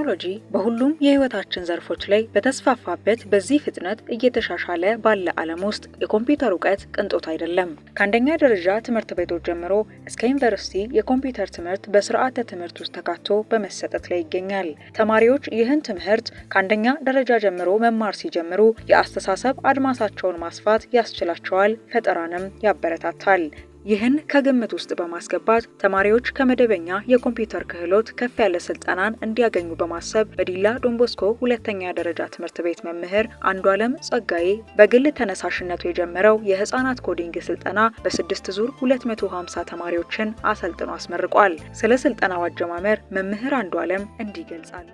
ቴክኖሎጂ በሁሉም የህይወታችን ዘርፎች ላይ በተስፋፋበት በዚህ ፍጥነት እየተሻሻለ ባለ ዓለም ውስጥ የኮምፒውተር እውቀት ቅንጦት አይደለም። ከአንደኛ ደረጃ ትምህርት ቤቶች ጀምሮ እስከ ዩኒቨርሲቲ የኮምፒውተር ትምህርት በስርዓተ ትምህርት ውስጥ ተካቶ በመሰጠት ላይ ይገኛል። ተማሪዎች ይህን ትምህርት ከአንደኛ ደረጃ ጀምሮ መማር ሲጀምሩ የአስተሳሰብ አድማሳቸውን ማስፋት ያስችላቸዋል፣ ፈጠራንም ያበረታታል። ይህን ከግምት ውስጥ በማስገባት ተማሪዎች ከመደበኛ የኮምፒውተር ክህሎት ከፍ ያለ ስልጠናን እንዲያገኙ በማሰብ በዲላ ዶንቦስኮ ሁለተኛ ደረጃ ትምህርት ቤት መምህር አንዷለም ጸጋዬ በግል ተነሳሽነቱ የጀመረው የህፃናት ኮዲንግ ስልጠና በስድስት ዙር 250 ተማሪዎችን አሰልጥኖ አስመርቋል። ስለ ስልጠናው አጀማመር መምህር አንዷለም እንዲህ ይገልጻል።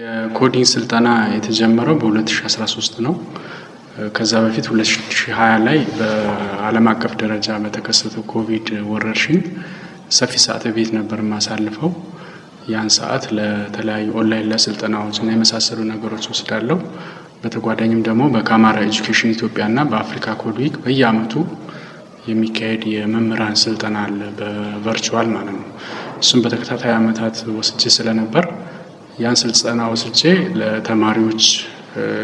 የኮዲንግ ስልጠና የተጀመረው በ2013 ነው። ከዛ በፊት 2020 ላይ በዓለም አቀፍ ደረጃ በተከሰተው ኮቪድ ወረርሽኝ ሰፊ ሰዓት ቤት ነበር የማሳልፈው። ያን ሰዓት ለተለያዩ ኦንላይን ለስልጠናዎች እና የመሳሰሉ ነገሮች ወስዳለሁ። በተጓዳኝም ደግሞ በካማራ ኤጁኬሽን ኢትዮጵያና በአፍሪካ ኮድ ዊክ የሚካሄድ የመምህራን ስልጠና አለ በቨርቹዋል ማለት ነው። እሱም በተከታታይ አመታት ወስጄ ስለነበር ያን ስልጠና ወስጄ ለተማሪዎች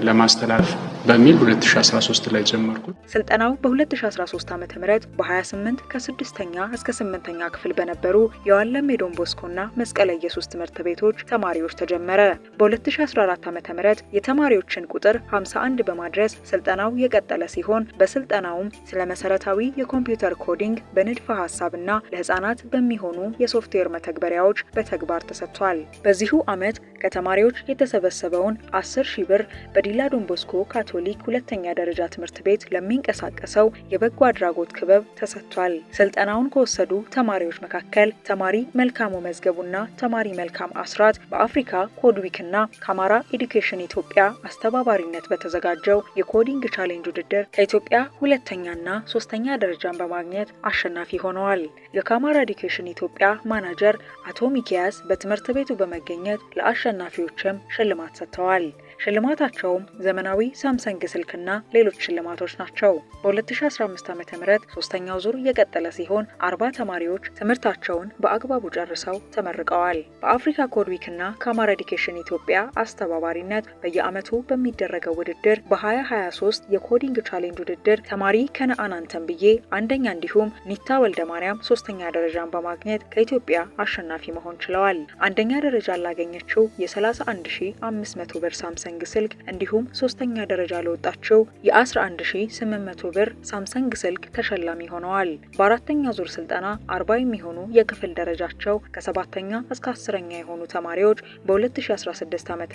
ለማስተላለፍ በሚል 2013 ላይ ጀመርኩት። ስልጠናው በ2013 ዓ ም በ28 ከስድስተኛ እስከ ስምንተኛ ክፍል በነበሩ የዋለም የዶን ና መስቀለ ኢየሱስ ትምህርት ቤቶች ተማሪዎች ተጀመረ። በ2014 ዓ ም የተማሪዎችን ቁጥር 51 በማድረስ ስልጠናው የቀጠለ ሲሆን በስልጠናውም ስለ መሰረታዊ የኮምፒውተር ኮዲንግ በንድፈ ሀሳብና ለህፃናት በሚሆኑ የሶፍትዌር መተግበሪያዎች በተግባር ተሰጥቷል። በዚሁ ዓመት ከተማሪዎች የተሰበሰበውን 10 ሺህ ብር በዲላ ዶንቦስኮ ካቶሊክ ሁለተኛ ደረጃ ትምህርት ቤት ለሚንቀሳቀሰው የበጎ አድራጎት ክበብ ተሰጥቷል። ስልጠናውን ከወሰዱ ተማሪዎች መካከል ተማሪ መልካሙ መዝገቡና ተማሪ መልካም አስራት በአፍሪካ ኮድዊክና ከአማራ ኤዱኬሽን ኢትዮጵያ አስተባባሪነት በተዘጋጀው የኮዲንግ ቻሌንጅ ውድድር ከኢትዮጵያ ሁለተኛና ሶስተኛ ደረጃን በማግኘት አሸናፊ ሆነዋል። የካማራ ኤዱኬሽን ኢትዮጵያ ማናጀር አቶ ሚኪያስ በትምህርት ቤቱ በመገኘት ለአሸ አሸናፊዎችም ሽልማት ሰጥተዋል። ሽልማታቸውም ዘመናዊ ሳምሰንግ ስልክና ሌሎች ሽልማቶች ናቸው። በ2015 ዓ ም ሶስተኛው ዙር እየቀጠለ ሲሆን አርባ ተማሪዎች ትምህርታቸውን በአግባቡ ጨርሰው ተመርቀዋል። በአፍሪካ ኮድዊክና ከአማራ ኤዲኬሽን ኢትዮጵያ አስተባባሪነት በየዓመቱ በሚደረገው ውድድር በ2023 የኮዲንግ ቻሌንጅ ውድድር ተማሪ ከነአናንተን ብዬ አንደኛ እንዲሁም ኒታ ወልደማርያም ሶስተኛ ደረጃን በማግኘት ከኢትዮጵያ አሸናፊ መሆን ችለዋል። አንደኛ ደረጃ ላገኘችው የ31500 ብር ሳምሰንግ ሳምሰንግ ስልክ እንዲሁም ሶስተኛ ደረጃ ለወጣቸው የ11800 ብር ሳምሰንግ ስልክ ተሸላሚ ሆነዋል። በአራተኛ ዙር ስልጠና 40 የሚሆኑ የክፍል ደረጃቸው ከሰባተኛ እስከ አስረኛ የሆኑ ተማሪዎች በ2016 ዓ ም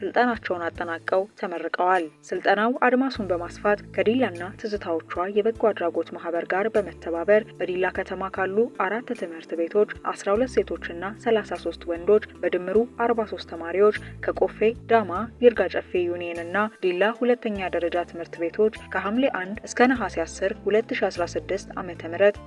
ስልጠናቸውን አጠናቀው ተመርቀዋል። ስልጠናው አድማሱን በማስፋት ከዲላና ትዝታዎቿ የበጎ አድራጎት ማህበር ጋር በመተባበር በዲላ ከተማ ካሉ አራት ትምህርት ቤቶች 12 ሴቶችና 33 ወንዶች በድምሩ 43 ተማሪዎች ከቆፌ ዳማ ይርጋ ጨፌ ዩኒየን እና ዲላ ሁለተኛ ደረጃ ትምህርት ቤቶች ከሐምሌ 1 እስከ ነሐሴ 10 2016 ዓ ም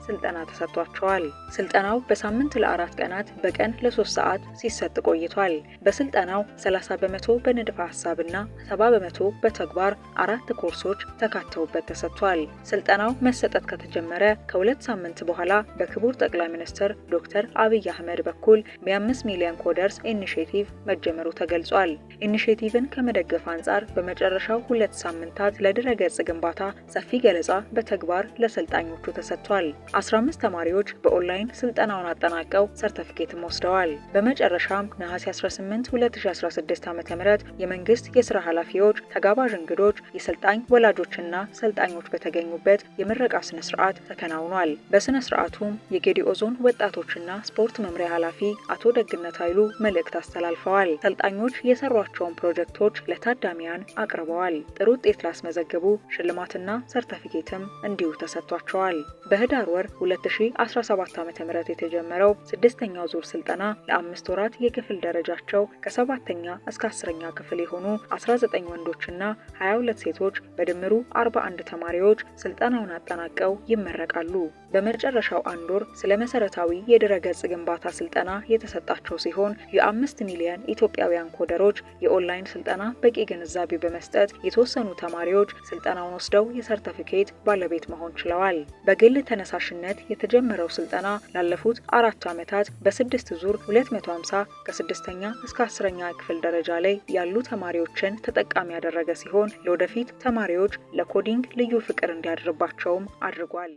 ስልጠና ተሰጥቷቸዋል። ስልጠናው በሳምንት ለአራት ቀናት በቀን ለሶስት ሰዓት ሲሰጥ ቆይቷል። በስልጠናው 30 በመቶ በንድፈ ሀሳብና 70 በመቶ በተግባር አራት ኮርሶች ተካተውበት ተሰጥቷል። ስልጠናው መሰጠት ከተጀመረ ከሁለት ሳምንት በኋላ በክቡር ጠቅላይ ሚኒስትር ዶክተር አብይ አህመድ በኩል በ5 ሚሊዮን ኮደርስ ኢኒሽቲቭ መጀመሩ ተገልጿል። ኢኒሽቲቭን ከመደገፍ አንጻር በመጨረሻው ሁለት ሳምንታት ለድረገጽ ግንባታ ሰፊ ገለጻ በተግባር ለሰልጣኞቹ ተሰጥቷል። 15 ተማሪዎች በኦንላይን ስልጠናውን አጠናቀው ሰርተፍኬትም ወስደዋል። በመጨረሻም ነሐሴ 18 2016 ዓ.ም የመንግስት የስራ ኃላፊዎች፣ ተጋባዥ እንግዶች፣ የሰልጣኝ ወላጆችና ሰልጣኞች በተገኙበት የምረቃ ስነ ስርዓት ተከናውኗል። በስነ ስርዓቱም የጌዲኦ ዞን ወጣቶችና ስፖርት መምሪያ ኃላፊ አቶ ደግነት ኃይሉ መልእክት አስተላልፈዋል። ሰልጣኞች የሰሯቸውን ፕሮጀክቶች መድረኮች ለታዳሚያን አቅርበዋል። ጥሩ ውጤት ላስመዘገቡ ሽልማትና ሰርተፊኬትም እንዲሁ ተሰጥቷቸዋል። በህዳር ወር 2017 ዓ ም የተጀመረው ስድስተኛው ዙር ስልጠና ለአምስት ወራት የክፍል ደረጃቸው ከሰባተኛ እስከ አስረኛ ክፍል የሆኑ 19 ወንዶችና 22 ሴቶች በድምሩ 41 ተማሪዎች ስልጠናውን አጠናቀው ይመረቃሉ። በመጨረሻው አንድ ወር ስለ መሰረታዊ የድረገጽ ግንባታ ስልጠና የተሰጣቸው ሲሆን የአምስት ሚሊዮን ኢትዮጵያውያን ኮደሮች የኦንላይን ስልጠና ስልጠና በቂ ግንዛቤ በመስጠት የተወሰኑ ተማሪዎች ስልጠናውን ወስደው የሰርተፊኬት ባለቤት መሆን ችለዋል። በግል ተነሳሽነት የተጀመረው ስልጠና ላለፉት አራት ዓመታት በስድስት ዙር 250 ከስድስተኛ እስከ አስረኛ ክፍል ደረጃ ላይ ያሉ ተማሪዎችን ተጠቃሚ ያደረገ ሲሆን ለወደፊት ተማሪዎች ለኮዲንግ ልዩ ፍቅር እንዲያድርባቸውም አድርጓል።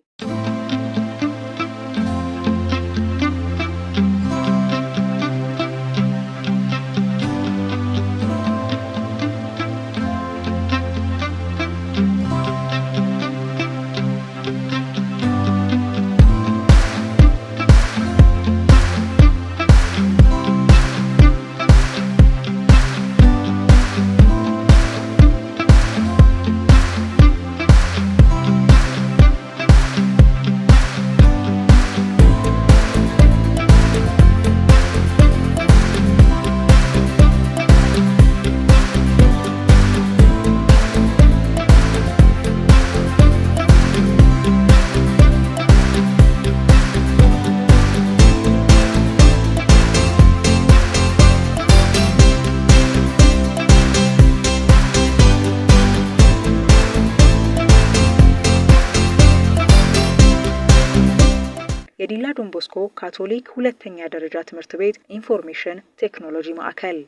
የዲላ ዶንቦስኮ ካቶሊክ ሁለተኛ ደረጃ ትምህርት ቤት ኢንፎርሜሽን ቴክኖሎጂ ማዕከል